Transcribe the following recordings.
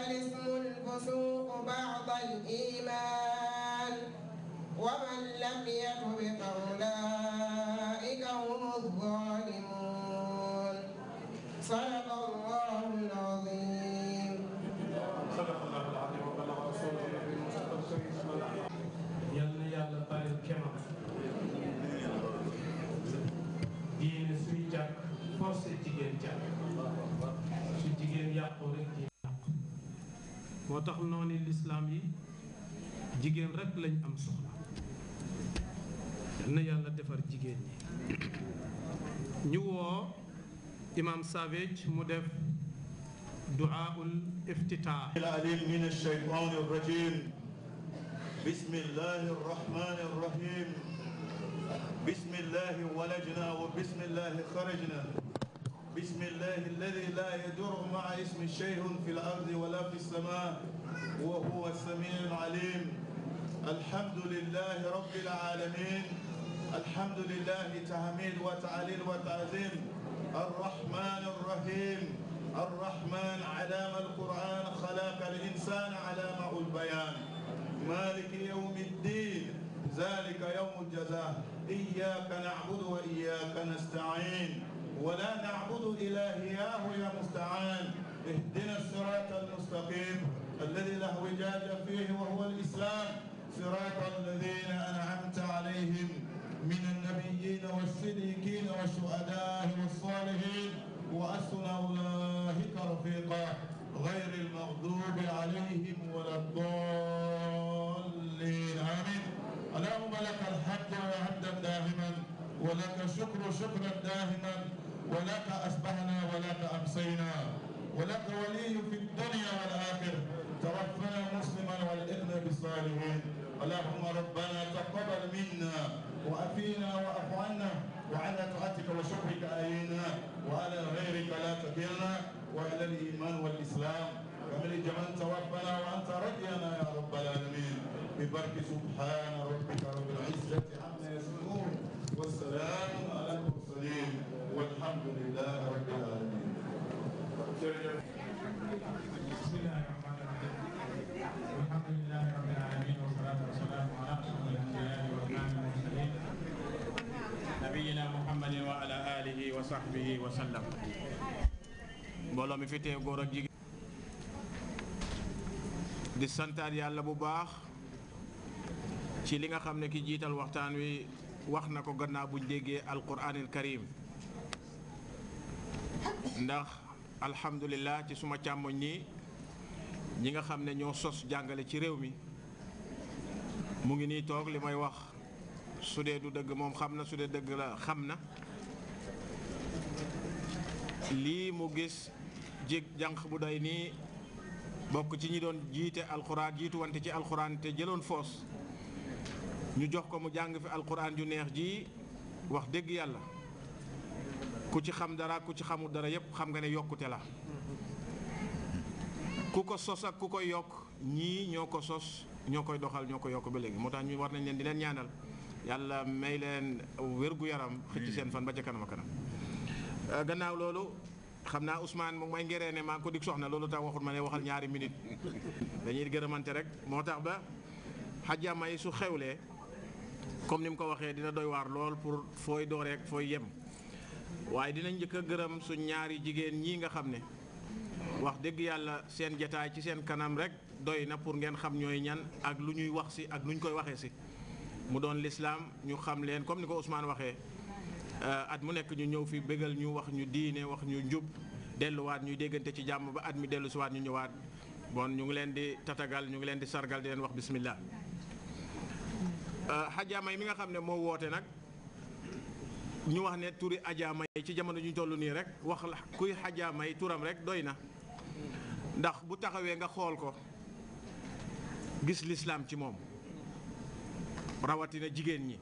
الاسم الفسوق بعض الإيمان ومن لم يكن فأولئك هم الظالمون صدق tax noonu lislaam yi jigéen rek lañ am soxla yal na yàlla defar jigéen ñi ñu woo imam Savage mu def du'aul iftitah alim min ash-shaytan ar-rajim bismillahi ar-rahmani ar-rahim bismillahi walajna wa bismillahi kharajna بسم الله الذي لا يدور مع اسم شيء في الأرض ولا في السماء وهو السميع العليم الحمد لله رب العالمين الحمد لله تحميد وتعليل وتعظيم الرحمن الرحيم الرحمن علام القرآن خلاق الإنسان علامه البيان مالك يوم الدين ذلك يوم الجزاء إياك نعبد ولا نعبد إلهياه يا مستعان اهدنا الصراط المستقيم الذي له وجاج فيه وهو الإسلام صراط الذين أنعمت عليهم من النبيين والصديقين والشهداء والصالحين وأسنى أولئك رفيقا غير المغضوب عليهم ولا الضالين آمين اللهم لك الحمد وحمدا دائما ولك الشكر شكرا دائما ولك أشبهنا ولك أمسينا ولك ولي في الدنيا والآخرة توفنا مسلما والإذن بالصالحين اللهم ربنا تقبل منا وأفينا وأفعنا وعلى طاعتك وشكرك أينا وعلى غيرك لا تكلنا وإلى الإيمان والإسلام كمل جمال توفنا وأنت رضينا يا رب العالمين ببرك سبحان ربك رب العزة الحمد لله رب العالمين بسم الله الرحمن الرحيم الحمد لله رب العالمين والصلاة والسلام على أشرف الأنبياء وإمام المرسلين نبينا محمد وعلى آله وصحبه وسلم mbooloo mi fi teew دي ak jigéen di santaat yàlla bu baax ci li nga xam ne ki jiital ndax alhamdulilah ci suma càmmoñ nii ñi nga xam ne ñoo sos jàngale ci réew mi mu ngi nii toog li may wax su dee du dëgg moom xam na su dee dëgg la xam na lii mu gis jég jànq bu doy nii bokk ci ñi doon jiite alxuraan jiitu wante ci alxuraan te jëloon foos ñu jox ko mu jàng fi alxuraan ju neex ji wax dëgg yàlla ku ci xam dara ku ci xamul dara yépp xam nga ne yokkute la ku ko sos ak ku koy yokk ñii ñoo ko sos ñoo koy doxal ñoo ko yokk ba léegi moo tax ñu war nañ leen di leen ñaanal yàlla may leen wérgu yaram xëcc mm. seen fan ba ca kanam euh, gannaaw loolu xam naa Ousmane moom may ngeree ne maa ngi ko dig soxna loolu tax waxut ma ne waxal ñaari minute dañuy gërëmante rek moo tax ba xajjaama yi su xewlee comme ni mu ko waxee dina doy waar lool pour fooy dooreek fooy yem waaye dinañ njëkk a gërëm suñ ñaari jigéen ñii nga xam ne wax dëgg yàlla seen jataay ci seen kanam rek doy na pour ngeen xam ñooy ñan ak lu ñuy wax si ak lu ñu koy waxee si mu doon lislaam ñu xam leen comme ni ko Ousmane waxee euh, at mu nekk ñu ñëw fi bëggal ñu wax ñu diine wax ñu njub delluwaat ñuy déggante ci jàmm ba at mi dellu siwaat ñu ñëwaat bon ñu ngi leen di tatagal ñu ngi leen di sargal di leen wax bismillah xajaamay euh, mi nga xam ne moo woote nag ñu wax ne turi Adja May ci jamono ñu tollu nii rek wax la kuy Adja May turam rek doy na ndax bu taxawee nga xool ko gis lislaam ci moom rawatina jigéen ñi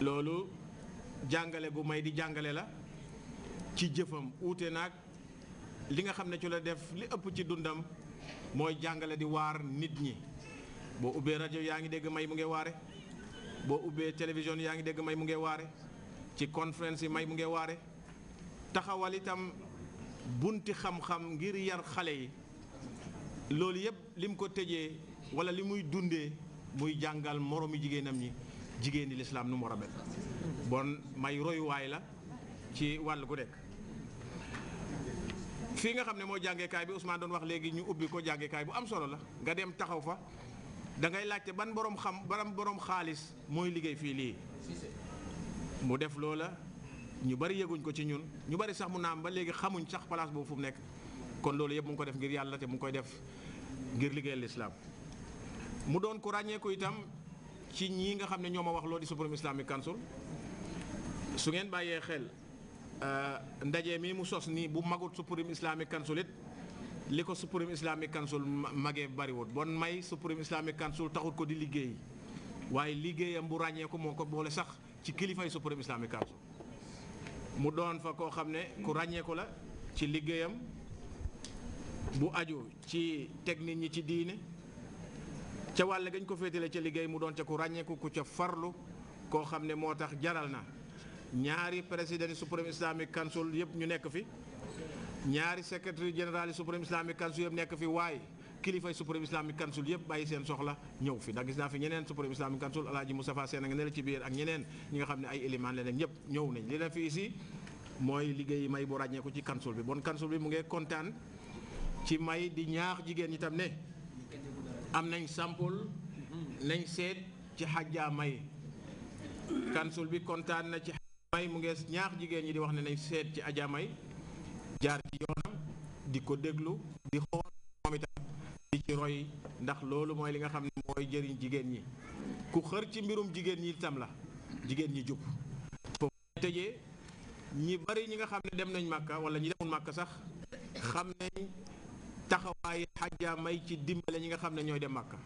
loolu jàngale gu may di jàngale la ci jëfam wuute nag li nga xam ne ci la def li ëpp ci dundam mooy jàngale di waar nit ñi boo ubbee rajo yaa ngi dégg may mu ngi waare boo ubbee télévision yaa ngi dégg may mu ngi waare ci conférence yi may mu ngi waare taxawal itam bunti xam-xam ngir yar xale yi loolu yëpp lim ko tëjee wala li muy dundee muy jàngal moroomi jigéenam ñi jigéeni lislaam nu mu war bon may royuwaay la ci wàll gu nekk fii nga xam ne mooy jàngeekaay bi Ousmane doon wax léegi ñu ubbi ko jàngeekaay bu am solo la nga dem taxaw fa dangay laajte ban borom xam ban boroom xaalis mooy liggéey fii lii mu def loola ñu bari yëguñ ko ci ñun ñu bari sax mu naam mba léegi xamuñ sax place boobu fu mu nekk kon loolu yëpp mu ngi ko def ngir yàlla te mu ngi koy def ngir liggéeyal lislaam mu doon ku ràññeeku itam ci ñii nga xam ne ñoo ma wax loolu di Supreme Islamic Council su ngeen bàyyee xel euh, ndaje mi mu sos nii bu magut Supreme Islamic Council it li ko Supreme Islamic Council magee bariwut bon may Supreme Islamic Council taxut ko di liggéey waaye liggéeyam bu ràññeeku moo ko boole sax ci kilifay Supreme Islamic Council mu doon fa koo xam ne ku ràññeeku la ci liggéeyam bu aju ci teg nit ñi ci diine ca wàll gañ ko féetale ca liggéey mu doon ca ku ràññeeku ku ca farlu koo xam ne moo tax jaral na ñaari président Supreme Islamic Council yëpp ñu nekk fi ñaari secrétaire général Supreme Islamic Council yëpp nekk fi waaye kilifay Supreme Islamic Council yëpp bàyyi seen soxla ñëw fi ndax gis naa fi ñeneen Supreme Islamic Council alaaji Moustapha Seen a nga ne la ci biir ak ñeneen ñi nga xam ne ay élément leneen ñëpp ñëw nañ li la fi ici mooy liggéey may bu ràññeeku ci council bi bon council bi mu ngi kontaan ci may di ñaax jigéen ñi tam ne am nañ sample nañ seet ci xajja may council bi kontaan na ci may mu ngi ñaax jigéen ñi di wax ne nañ seet ci aja may jaar ci yoonam di ko déglu di xool ci roy ndax loolu mooy li nga xam ne mooy jëriñ jigéen ñi ku xër ci mbirum jigéen ñi itam la jigéen ñi jub foofu tëjee ñi bari ñi nga xam ne dem nañ màkka wala ñi demul màkka sax xam nañ taxawaay xajja may ci dimbale ñi nga xam ne ñooy dem màkka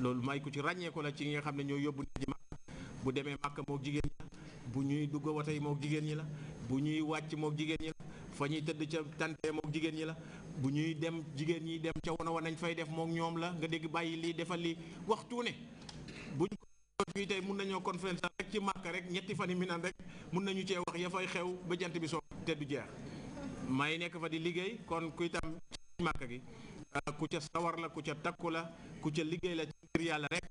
loolu may ku ci ràññeeku la ci ñi nga xam ne ñooy yóbbu nit ñi màkka bu demee màkka mook jigéen ñi la bu ñuy dugg wata yi mook jigéen ñi la bu ñuy wàcc mook jigéen ñi la fa ñuy tëdd ca tante mook jigéen ñi la bu ñuy dem jigéen ñiy dem ca wana wanañ fay def moom ñoom la nga dégg bàyyi lii defal lii waxtu ne buñ ko fii tey mun nañoo conférence rek ci màkk rek ñetti fan yi mi naan rek mun nañu cee wax ya fay xew ba jant bi soo te du jeex may nekk fa di liggéey kon kuy tam ci màkk gi ah, ku ca sawar la ku ca takku la ku ca liggéey la ci yàlla rek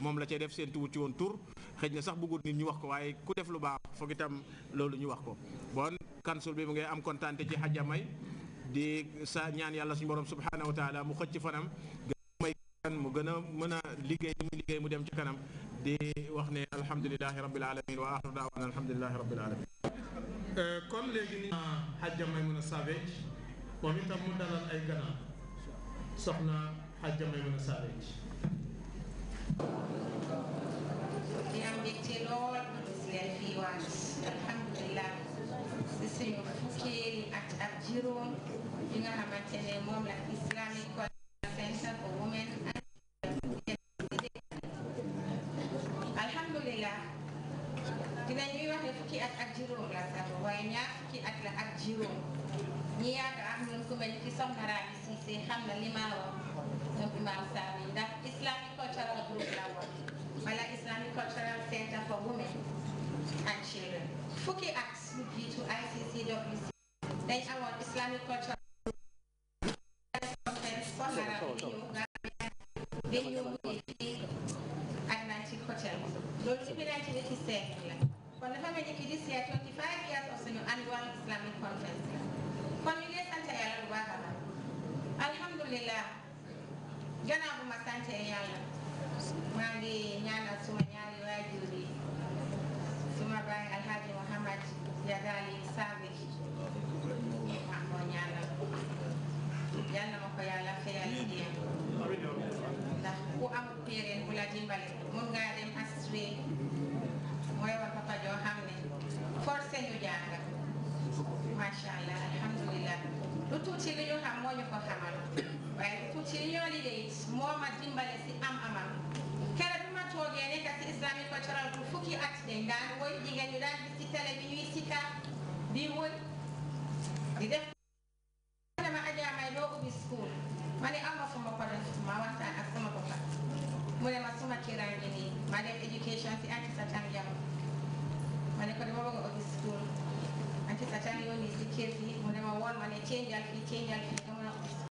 moom la cay def seen tuwut ci woon tur xëj na sax buggu nit ñu wax ko waaye ku def lu baax foog itam loolu ñu wax ko bon kansul bi mu ngay am kontaante ci xajamay di sa ñaan yàlla suñu borom subhanahu wa taala mu xëcc fanam may mu gën mën a liggéey mu mu dem ci kanam di wax ne alhamdulilahi rabbil alamin wa axiru daawana alhamdulilahi rabbil alamin euh, kon léegi ni xajja Maymuna Savage moom itam mu dalal ay ganam soxna xajja Maymuna Savage juróom yi nga xamante ne moom la Islamic Cultural Center for Women and alhamdulilah fukki ak juróom la sax waaye ñaar dañ amoon islamic culture conference for Arab bi ñëw Atlantic Hotel loolu ci biir kon dafa mel ni ki this year 25 years of suñu annual islamic conference la kon ñu ngi sant yàlla bu baax a baax alhamdulilah gannaaw bu ma sante yàlla maa ngi ñaanal suma ñaari alhaji Muhammad Yadali Sabi ñaanal yal na ma ko yàlla fayal yéen ndax ku am téereen bu la dimbale mun ngaa dem assuré mooy wax papa joo xam ne forcé ñu jàng macha allah alhamdulilah lu tuuti li ñu xam moo ñu ko xamal waaye lu tuuti li ñoo liggéey it moo ma dimbale si am amal keroog bi ma toogee nekk si islamic cultural bu fukki at dañ daan woy jigéen ñu daan gis ci télé bi ñuy sika di woy di def Kenya, Kenya, Kenya.